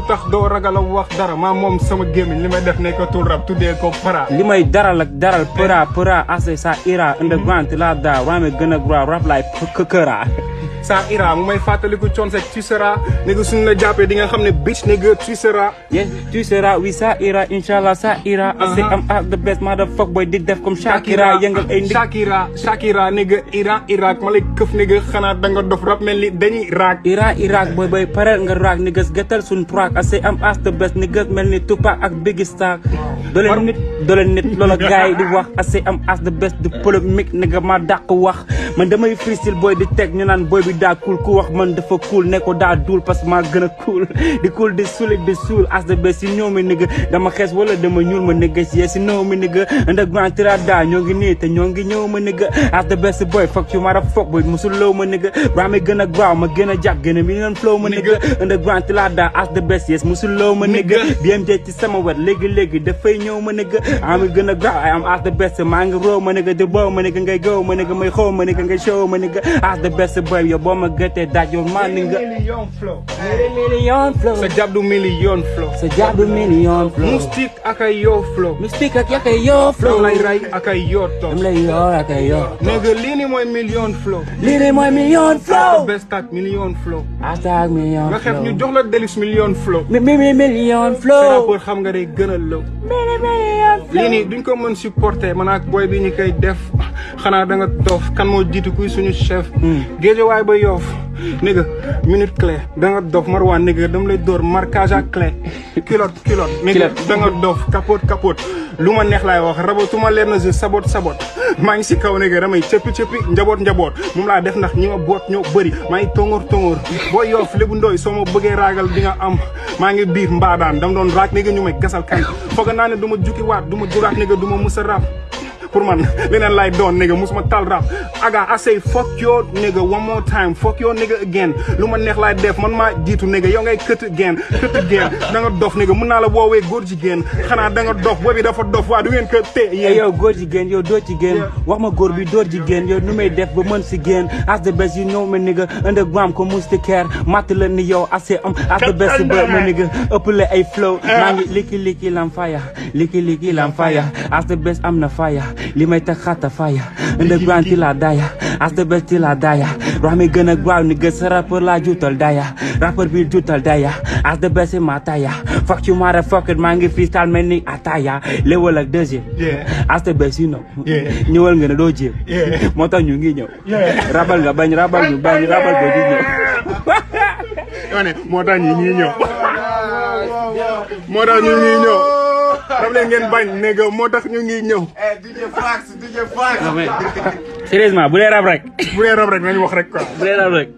lu tax doo ragal a wax dara moom sama gémmiñ li may def nekkatul rab tuddee ko para li may daral ak daral para para ase sa ira underground hmm? laa daa waame gën a rab laay këra sa ira mu may fàttaliku chon Seck tu sera ne ko la jappe di nga bitch ne bitch tu sera yeah tu sera wi sa ira inshallah sa ira c'est am the best motherfuck boy di def comme Shakira yengal ay ndik Shakira Shakira ge ira Irak malik kuf ne ge xana da nga dof rap melni dañuy raak ira Irak boy boy pareel nga raak nigga gëtal suñu proak c'est am as the best ne ge melni Tupac ak Biggie Star doole nit doole nit lolo gay di wax c'est am as the best de ne ge ma dak wax man damay freestyle booy di teg ñu naan booy bi daa cool ku wax man dafa cool ne ko daa duul parce que maa gën a kuul di cool di suul di suul as de bes si ñoo ma nigga dama xees wala dama ñuul ma nigga si si ñoo ma nigga underground tirada ñoo ngi nii te ñoo ngi ñëw ma nigga as de bes booy fuck you mara ma boy musul low ma nigga raame gën a gaaw ma gën a jàpp gën a mi leen flow ma nigga underground tirada as de bes yes musul low ma nigga BMJ ci sama wet léegi-léegi dafay ñëw ma nigga am gën a gaaw ay am as de bes maa ngi roo ma nigga di ma nigga ngay gaaw ma nigga nigga can show my nigga as the best of your bomb get eh, that your man nigga million flow million flow So sejabu million flow sejabu million flow mustik your flow mustik akayo flow top. I'm like your rai your. nigga lini my million flow lini my million flow best tag million flow hashtag million nga have new jox la million flow mi mi million flow rapport xam nga day gënal lo million flow lini duñ ko mën supporter man ak boy bi ñi koy def xanaa da nga doof kan moo jiitu kuy suñu chef. Hmm. waay ba yoof néga minute clé da nga dof marwaan néga dama lay door marquage à clé culotte culotte néga da nga doof lu ma neex laay wax rabatuma leer na je sabot sabot maa ngi si kaw néga damay cëppi cëppi njaboot njaboot moom laa def ndax ñi ma boot ñoo bëri maa ngi tongoor tongoor boo yoof lébu ndooy soo ma bëggee raagal di nga am maa ngi biir mbaadaan dam doon raak néga ñu may gasal kan naa ne du ma jukki waat du du ma musa pour man leneen lay doon nigga musuma tal rap aga I say fuck yo nigga one more time fuck yo nigga again lu ma neex laay def man maa jiitu nigga yo ngay cut again cut again da nga dof nigga mën naa la woowee góor jigéen xanaa da nga dof boobi dafa dof waa du ngeen ko té yeah, yow góor jigéen do doo jigéen wax ma góor bi dóor again? yow know me, def ba once again, génn as the best you know me nigga underground ko musti care matt yo, ni say assez am as the best ba me, nigga ëpp la ay flow maa licky liki liki lam faya liki liki lam faya as the best am na faya li may teg xatta faya underground ti la daya as the best ti la daya rax mi gën a gaaw ni gën sa rappeur la juutal daya rappeur bi juutal daya as the best in my taya fuck you motherfucker. fuck it maa ngi freestyle mel ni ataya léwal ak as the best you know ñëwal nga ne doo jéem moo tax ñu ngi ñëw rabal nga bañ rabal ñu bañ rabal nga ñu ñëw moo tax ñu ngi ñëw moo tax ñu ngi ñëw xam ne ngeen bañ ne nga moo tax ñu ngi ñëw. Eh, DJ Fax DJ Fax. sérieusement bu dee rab rek. bu dee rab rek nañu wax rek quoi. bu dee rab rek.